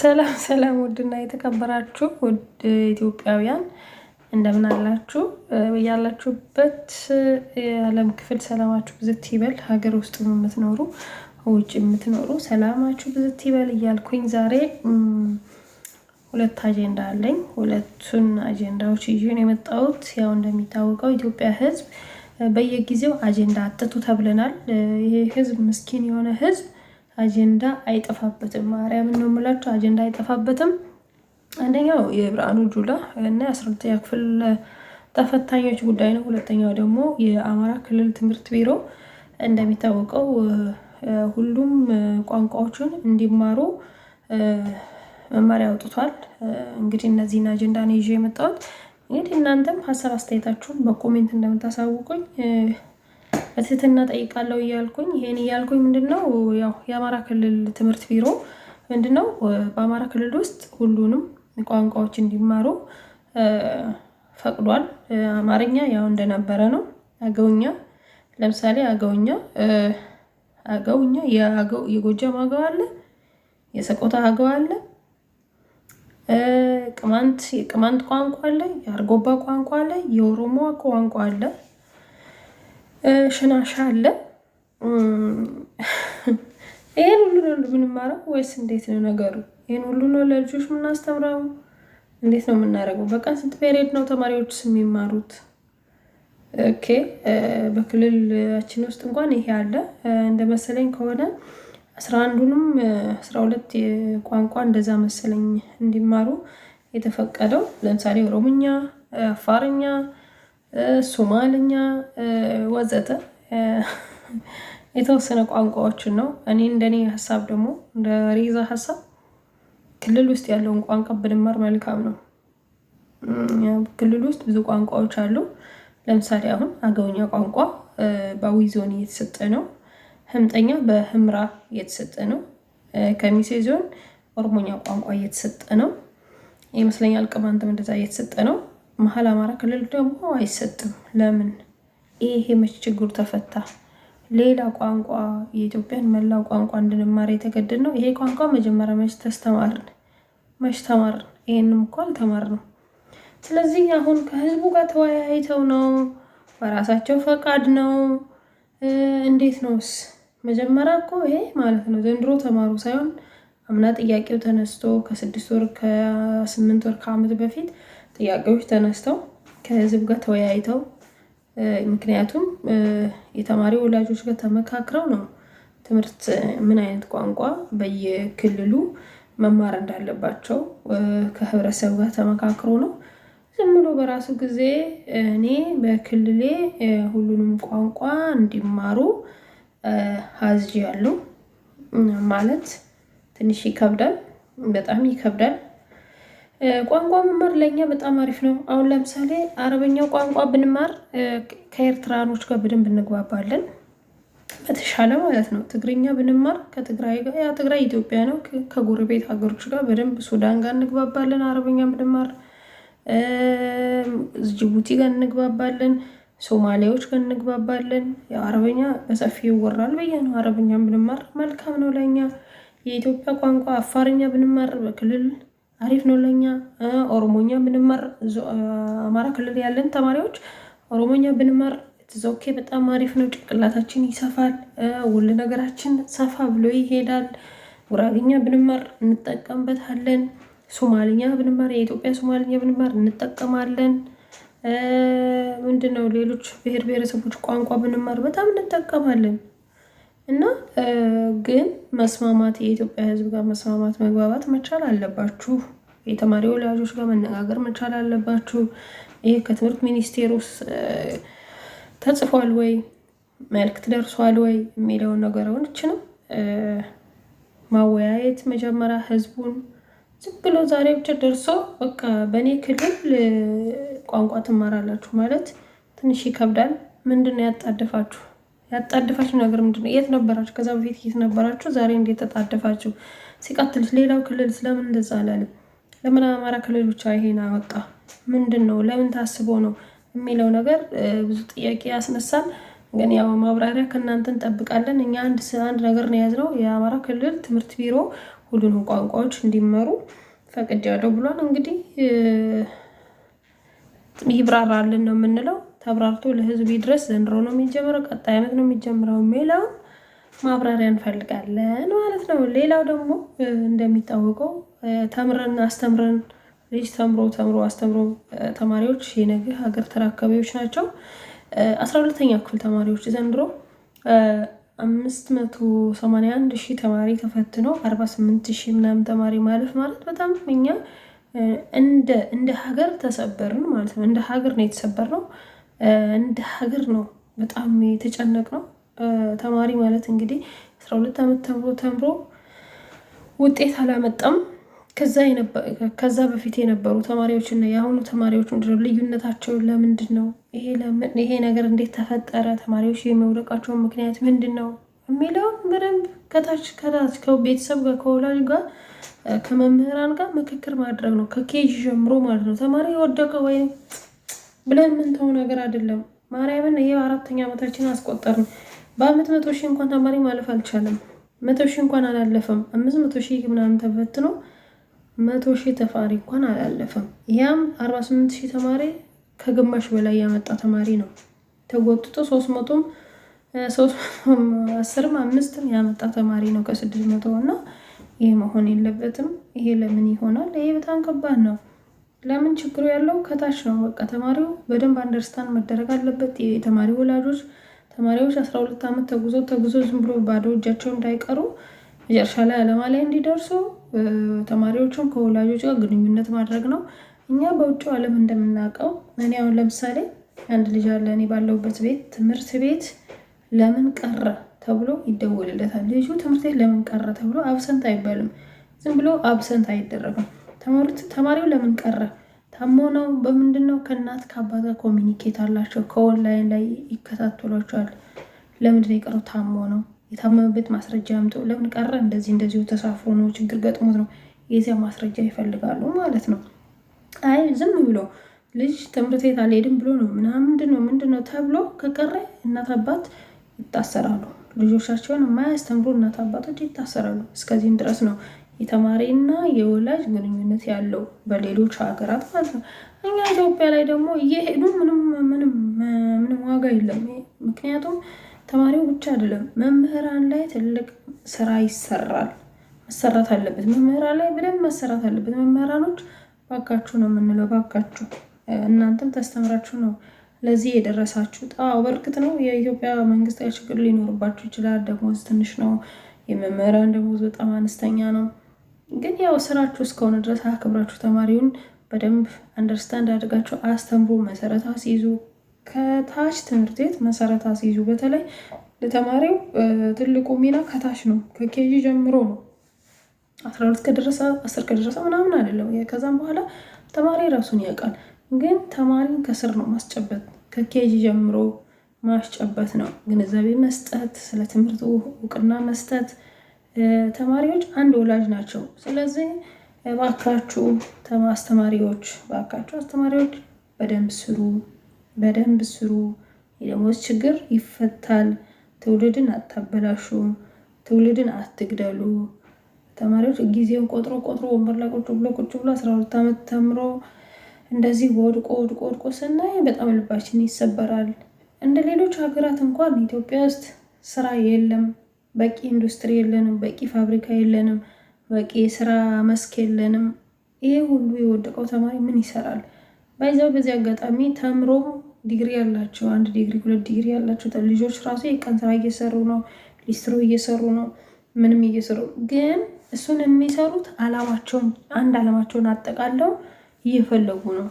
ሰላም ሰላም፣ ውድና የተከበራችሁ ውድ ኢትዮጵያውያን እንደምን አላችሁ? ያላችሁበት የዓለም ክፍል ሰላማችሁ ብዝት ይበል። ሀገር ውስጥ የምትኖሩ ውጭ የምትኖሩ ሰላማችሁ ብዝት ይበል እያልኩኝ ዛሬ ሁለት አጀንዳ አለኝ። ሁለቱን አጀንዳዎች ይዤ ነው የመጣሁት። ያው እንደሚታወቀው ኢትዮጵያ ሕዝብ በየጊዜው አጀንዳ አጥቱ ተብለናል። ይሄ ሕዝብ ምስኪን የሆነ ሕዝብ አጀንዳ አይጠፋበትም። ማርያምን ነው የምላችሁ፣ አጀንዳ አይጠፋበትም። አንደኛው የብርሃኑ ጁላ እና የአስራተኛ ክፍል ተፈታኞች ጉዳይ ነው። ሁለተኛው ደግሞ የአማራ ክልል ትምህርት ቢሮ እንደሚታወቀው ሁሉም ቋንቋዎችን እንዲማሩ መመሪያ አውጥቷል። እንግዲህ እነዚህን አጀንዳ ነው ይዤ የመጣሁት። እንግዲህ እናንተም ሀሳብ አስተያየታችሁን በኮሜንት እንደምታሳውቁኝ በትህትና ጠይቃለው እያልኩኝ ይሄን እያልኩኝ ምንድነው ያው የአማራ ክልል ትምህርት ቢሮ ምንድነው ነው በአማራ ክልል ውስጥ ሁሉንም ቋንቋዎች እንዲማሩ ፈቅዷል። አማርኛ ያው እንደነበረ ነው። አገውኛ ለምሳሌ አገውኛ አገውኛ የጎጃም አገው አለ፣ የሰቆታ አገው አለ፣ ቅማንት የቅማንት ቋንቋ አለ፣ የአርጎባ ቋንቋ አለ፣ የኦሮሞ ቋንቋ አለ። ሽናሻ አለ። ይህን ሁሉ ነው የምንማረው ወይስ እንዴት ነው ነገሩ? ይህን ሁሉ ነው ለልጆች የምናስተምረው? እንዴት ነው የምናደርገው? በቀን ስንት ፔሬድ ነው ተማሪዎችስ የሚማሩት? ኦኬ በክልላችን ውስጥ እንኳን ይሄ አለ እንደ መሰለኝ ከሆነ አስራ አንዱንም አስራ ሁለት ቋንቋ እንደዛ መሰለኝ እንዲማሩ የተፈቀደው። ለምሳሌ ኦሮምኛ፣ አፋርኛ ሶማልኛ ወዘተ የተወሰነ ቋንቋዎችን ነው። እኔ እንደኔ ሀሳብ ደግሞ እንደ ሬዛ ሀሳብ ክልል ውስጥ ያለውን ቋንቋ ብንማር መልካም ነው። ክልል ውስጥ ብዙ ቋንቋዎች አሉ። ለምሳሌ አሁን አገውኛ ቋንቋ በአዊ ዞን እየተሰጠ ነው። ህምጠኛ በህምራ እየተሰጠ ነው። ከሚሴ ዞን ኦሮሞኛ ቋንቋ እየተሰጠ ነው ይመስለኛል። ቅማንትም እንደዛ እየተሰጠ ነው። መሀል አማራ ክልል ደግሞ አይሰጥም። ለምን ይሄ መች ችግሩ ተፈታ? ሌላ ቋንቋ የኢትዮጵያን መላ ቋንቋ እንድንማር የተገደድ ነው። ይሄ ቋንቋ መጀመሪያ መች ተስተማርን? መች ተማርን? ይሄንም እኮ አልተማርንም። ስለዚህ አሁን ከህዝቡ ጋር ተወያይተው ነው በራሳቸው ፈቃድ ነው። እንዴት ነውስ? መጀመሪያ እኮ ይሄ ማለት ነው ዘንድሮ ተማሩ ሳይሆን አምና ጥያቄው ተነስቶ ከስድስት ወር ከስምንት ወር ከአመት በፊት ጥያቄዎች ተነስተው ከህዝብ ጋር ተወያይተው ምክንያቱም የተማሪ ወላጆች ጋር ተመካክረው ነው ትምህርት ምን አይነት ቋንቋ በየክልሉ መማር እንዳለባቸው ከህብረተሰብ ጋር ተመካክሮ ነው። ዝም ብሎ በራሱ ጊዜ እኔ በክልሌ ሁሉንም ቋንቋ እንዲማሩ አዝዣለሁ ማለት ትንሽ ይከብዳል፣ በጣም ይከብዳል። ቋንቋ መማር ለእኛ በጣም አሪፍ ነው። አሁን ለምሳሌ አረበኛው ቋንቋ ብንማር ከኤርትራኖች ጋር በደንብ እንግባባለን በተሻለ ማለት ነው። ትግርኛ ብንማር ከትግራይ ጋር ያ ትግራይ ኢትዮጵያ ነው፣ ከጎረቤት ሀገሮች ጋር በደንብ ሱዳን ጋር እንግባባለን። አረበኛ ብንማር ጅቡቲ ጋር እንግባባለን፣ ሶማሌዎች ጋር እንግባባለን። አረበኛ በሰፊ ይወራል በየ ነው። አረበኛ ብንማር መልካም ነው ለእኛ። የኢትዮጵያ ቋንቋ አፋርኛ ብንማር በክልል አሪፍ ነው ለኛ ኦሮሞኛ ብንማር አማራ ክልል ያለን ተማሪዎች ኦሮሞኛ ብንማር ኦኬ በጣም አሪፍ ነው። ጭንቅላታችን ይሰፋል፣ ውል ነገራችን ሰፋ ብሎ ይሄዳል። ጉራግኛ ብንማር እንጠቀምበታለን። ሶማልኛ ብንማር የኢትዮጵያ ሶማልኛ ብንማር እንጠቀማለን። ምንድን ነው ሌሎች ብሔር ብሔረሰቦች ቋንቋ ብንማር በጣም እንጠቀማለን። እና ግን መስማማት የኢትዮጵያ ሕዝብ ጋር መስማማት መግባባት መቻል አለባችሁ። የተማሪ ወላጆች ጋር መነጋገር መቻል አለባችሁ። ይህ ከትምህርት ሚኒስቴር ውስጥ ተጽፏል ወይ መልክት ደርሷል ወይ የሚለውን ነገሮችንም ማወያየት መጀመሪያ ህዝቡን ዝም ብሎ ዛሬ ብቻ ደርሶ በቃ በእኔ ክልል ቋንቋ ትማራላችሁ ማለት ትንሽ ይከብዳል። ምንድን ነው ያጣደፋችሁ? ያጣደፋችሁ ነገር ምንድን ነው? የት ነበራችሁ? ከዛ በፊት የት ነበራችሁ? ዛሬ እንዴት ተጣደፋችሁ? ሲቀጥልስ ሌላው ክልል ስለምን እንደዛ አላለም? ለምን አማራ ክልል ብቻ ይሄን አወጣ? ምንድን ነው? ለምን ታስቦ ነው የሚለው ነገር ብዙ ጥያቄ ያስነሳል። ግን ያው ማብራሪያ ከእናንተ እንጠብቃለን። እኛ አንድ ነገር ነው የያዝነው፣ የአማራ ክልል ትምህርት ቢሮ ሁሉንም ቋንቋዎች እንዲመሩ ፈቅጃለሁ ብሏል። እንግዲህ ይብራራልን ነው የምንለው። ተብራርቶ ለህዝብ ድረስ ዘንድሮ ነው የሚጀምረው፣ ቀጣይ አመት ነው የሚጀምረው የሚለውን ማብራሪያ እንፈልጋለን ማለት ነው። ሌላው ደግሞ እንደሚታወቀው ተምረን አስተምረን ልጅ ተምሮ ተምሮ አስተምሮ ተማሪዎች የነገ ሀገር ተረካቢዎች ናቸው። አስራ ሁለተኛ ክፍል ተማሪዎች ዘንድሮ አምስት መቶ ሰማንያ አንድ ሺህ ተማሪ ተፈትኖ አርባ ስምንት ሺህ ምናምን ተማሪ ማለፍ ማለት በጣም እኛ እንደ ሀገር ተሰበርን ማለት ነው። እንደ ሀገር ነው የተሰበር ነው። እንደ ሀገር ነው በጣም የተጨነቅ ነው። ተማሪ ማለት እንግዲህ አስራ ሁለት ዓመት ተምሮ ተምሮ ውጤት አላመጣም። ከዛ በፊት የነበሩ ተማሪዎችና የአሁኑ ተማሪዎች ምንድነው ልዩነታቸው? ለምንድን ነው ይሄ ነገር እንዴት ተፈጠረ? ተማሪዎች የመውደቃቸውን ምክንያት ምንድን ነው የሚለውን በደንብ ከታች ከታች ከቤተሰብ ጋር ከወላጅ ጋር ከመምህራን ጋር ምክክር ማድረግ ነው። ከኬጅ ጀምሮ ማለት ነው ተማሪ የወደቀ ወይም ብለን የምንተው ነገር አይደለም። ማርያምን ይህ አራተኛ ዓመታችን አስቆጠርን። በአመት መቶ ሺህ እንኳን ተማሪ ማለፍ አልቻለም። መቶ ሺህ እንኳን አላለፈም። አምስት መቶ ሺህ ምናምን ተፈትኖ መቶ ሺህ ተፋሪ እንኳን አላለፈም። ያም አርባ ስምንት ሺህ ተማሪ ከግማሽ በላይ ያመጣ ተማሪ ነው ተጎጥቶ ሶስት መቶም ሶስት መቶም አስርም አምስትም ያመጣ ተማሪ ነው ከስድስት መቶ እና ይህ መሆን የለበትም። ይሄ ለምን ይሆናል? ይሄ በጣም ከባድ ነው። ለምን ችግሩ ያለው ከታች ነው። በቃ ተማሪው በደንብ አንደርስታንድ መደረግ አለበት። የተማሪ ወላጆች ተማሪዎች አስራ ሁለት ዓመት ተጉዞ ተጉዞ ዝም ብሎ ባዶ እጃቸው እንዳይቀሩ መጨረሻ ላይ አለማ ላይ እንዲደርሱ ተማሪዎቹን ከወላጆች ጋር ግንኙነት ማድረግ ነው። እኛ በውጭ ዓለም እንደምናውቀው እኔ አሁን ለምሳሌ አንድ ልጅ አለ እኔ ባለሁበት ቤት ትምህርት ቤት ለምን ቀረ ተብሎ ይደወልለታል። ልጁ ትምህርት ቤት ለምን ቀረ ተብሎ አብሰንት አይባልም። ዝም ብሎ አብሰንት አይደረግም። ተማሪው ለምን ቀረ? ታሞ ነው? በምንድን ነው? ከእናት ከአባት ጋር ኮሚኒኬት አላቸው። ከኦንላይን ላይ ይከታተሏቸዋል። ለምንድን የቀረው? ታሞ ነው። የታመመበት ማስረጃ አምጡ። ለምን ቀረ? እንደዚህ እንደዚሁ ተሳፍሮ ነው፣ ችግር ገጥሞት ነው። የዚያ ማስረጃ ይፈልጋሉ ማለት ነው። አይ ዝም ብሎ ልጅ ትምህርት ቤት አልሄድም ብሎ ነው ምናምንድን ነው ምንድን ነው ተብሎ ከቀረ እናት አባት ይታሰራሉ። ልጆቻቸውን የማያስተምሩ እናት አባቶች ይታሰራሉ። እስከዚህም ድረስ ነው የተማሪና የወላጅ ግንኙነት ያለው በሌሎች ሀገራት ማለት ነው። እኛ ኢትዮጵያ ላይ ደግሞ እየሄዱ ምንም ዋጋ የለም። ምክንያቱም ተማሪው ብቻ አይደለም፣ መምህራን ላይ ትልቅ ስራ ይሰራል፣ መሰራት አለበት። መምህራን ላይ በደንብ መሰራት አለበት። መምህራኖች ባካችሁ ነው የምንለው፣ ባካችሁ እናንተም ተስተምራችሁ ነው ለዚህ የደረሳችሁ። ጣው በእርግጥ ነው የኢትዮጵያ መንግስታዊ ችግር ሊኖርባችሁ ይችላል። ደሞዝ ትንሽ ነው። የመምህራን ደሞዝ በጣም አነስተኛ ነው። ግን ያው ስራችሁ እስከሆነ ድረስ አክብራችሁ ተማሪውን በደንብ አንደርስታንድ አድርጋችሁ አስተምሩ። መሰረት አስይዙ፣ ከታች ትምህርት ቤት መሰረት አስይዙ። በተለይ ለተማሪው ትልቁ ሚና ከታች ነው፣ ከኬጂ ጀምሮ ነው። አስራ ሁለት ከደረሰ አስር ከደረሰ ምናምን አይደለም። ከዛም በኋላ ተማሪ ራሱን ያውቃል። ግን ተማሪን ከስር ነው ማስጨበት፣ ከኬጂ ጀምሮ ማስጨበት ነው። ግንዛቤ መስጠት፣ ስለ ትምህርቱ እውቅና መስጠት ተማሪዎች አንድ ወላጅ ናቸው። ስለዚህ ባካችሁ አስተማሪዎች፣ ባካችሁ አስተማሪዎች በደንብ ስሩ፣ በደንብ ስሩ። የደሞዝ ችግር ይፈታል። ትውልድን አታበላሹ፣ ትውልድን አትግደሉ። ተማሪዎች ጊዜውን ቆጥሮ ቆጥሮ ወንበር ላይ ቁጭ ብሎ ቁጭ ብሎ አስራ ሁለት ዓመት ተምሮ እንደዚህ ወድቆ ወድቆ ወድቆ ስናይ በጣም ልባችን ይሰበራል። እንደ ሌሎች ሀገራት እንኳን ኢትዮጵያ ውስጥ ስራ የለም። በቂ ኢንዱስትሪ የለንም፣ በቂ ፋብሪካ የለንም፣ በቂ የስራ መስክ የለንም። ይሄ ሁሉ የወደቀው ተማሪ ምን ይሰራል? ባይዛው በዚህ አጋጣሚ ተምሮ ዲግሪ ያላቸው አንድ ዲግሪ ሁለት ዲግሪ ያላቸው ልጆች ራሱ የቀን ስራ እየሰሩ ነው፣ ሊስትሮ እየሰሩ ነው፣ ምንም እየሰሩ ግን እሱን የሚሰሩት አላማቸውን አንድ አላማቸውን አጠቃለው እየፈለጉ ነው።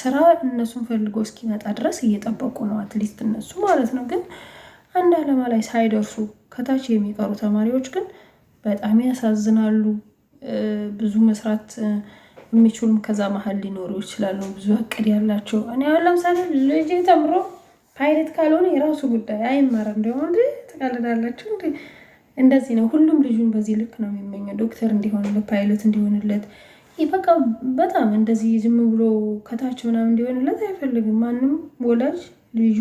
ስራ እነሱን ፈልጎ እስኪመጣ ድረስ እየጠበቁ ነው፣ አትሊስት እነሱ ማለት ነው። ግን አንድ አላማ ላይ ሳይደርሱ ከታች የሚቀሩ ተማሪዎች ግን በጣም ያሳዝናሉ። ብዙ መስራት የሚችሉም ከዛ መሀል ሊኖሩ ይችላሉ። ብዙ እቅድ ያላቸው እኔ አሁን ለምሳሌ ልጅ ተምሮ ፓይለት ካልሆነ የራሱ ጉዳይ አይማርም። ደግሞ እንደ ተቃልዳላቸው እንደ እንደዚህ ነው። ሁሉም ልጁን በዚህ ልክ ነው የሚመኘው፣ ዶክተር እንዲሆንለት፣ ፓይለት እንዲሆንለት፣ በቃ በጣም እንደዚህ ዝም ብሎ ከታች ምናምን እንዲሆንለት አይፈልግም ማንም ወላጅ ልጁ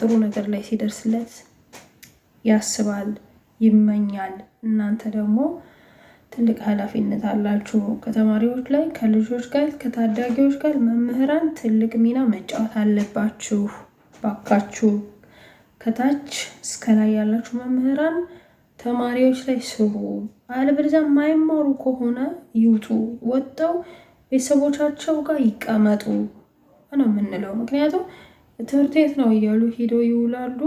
ጥሩ ነገር ላይ ሲደርስለት ያስባል፣ ይመኛል። እናንተ ደግሞ ትልቅ ኃላፊነት አላችሁ ከተማሪዎች ላይ፣ ከልጆች ጋር፣ ከታዳጊዎች ጋር መምህራን ትልቅ ሚና መጫወት አለባችሁ። ባካችሁ ከታች እስከ ላይ ያላችሁ መምህራን ተማሪዎች ላይ ስሩ። አለበለዚያ የማይማሩ ከሆነ ይውጡ፣ ወጠው ቤተሰቦቻቸው ጋር ይቀመጡ ነው የምንለው። ምክንያቱም ትምህርት ቤት ነው እያሉ ሂደው ይውላሉ።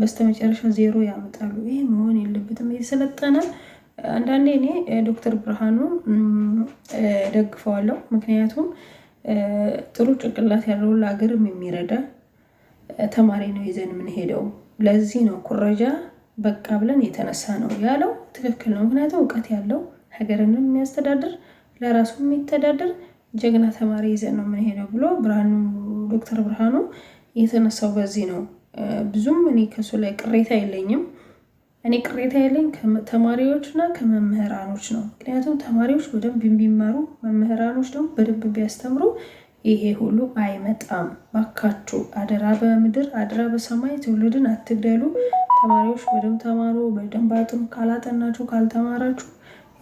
በስተመጨረሻ ዜሮ ያመጣሉ። ይሄ መሆን የለበትም። የሰለጠነ አንዳንዴ እኔ ዶክተር ብርሃኑ ደግፈዋለሁ። ምክንያቱም ጥሩ ጭንቅላት ያለው ለሀገርም የሚረዳ ተማሪ ነው ይዘን የምንሄደው። ለዚህ ነው ኩረጃ በቃ ብለን የተነሳ ነው ያለው ትክክል ነው። ምክንያቱም እውቀት ያለው ሀገርን የሚያስተዳድር ለራሱ የሚተዳደር ጀግና ተማሪ ይዘን ነው የምንሄደው ብሎ ብርሃኑ ዶክተር ብርሃኑ የተነሳው በዚህ ነው። ብዙም እኔ ከሱ ላይ ቅሬታ የለኝም። እኔ ቅሬታ የለኝ ተማሪዎች እና ከመምህራኖች ነው። ምክንያቱም ተማሪዎች በደንብ የሚማሩ መምህራኖች ደግሞ በደንብ ቢያስተምሩ ይሄ ሁሉ አይመጣም። ባካችሁ አደራ በምድር አደራ በሰማይ ትውልድን አትግደሉ። ተማሪዎች በደንብ ተማሩ፣ በደንብ አጥኑ። ካላጠናችሁ ካልተማራችሁ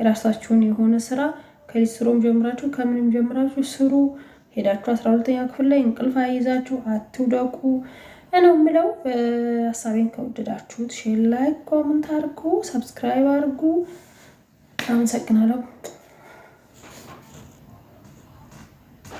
የራሳችሁን የሆነ ስራ ከሊስትሮም ጀምራችሁ ከምንም ጀምራችሁ ስሩ። ሄዳችሁ አስራ ሁለተኛ ክፍል ላይ እንቅልፍ አይዛችሁ አትውደቁ። እነው የምለው ሀሳቤን ከወደዳችሁት ሼር፣ ላይክ፣ ኮመንት አድርጉ፣ ሰብስክራይብ አድርጉ። አመሰግናለሁ።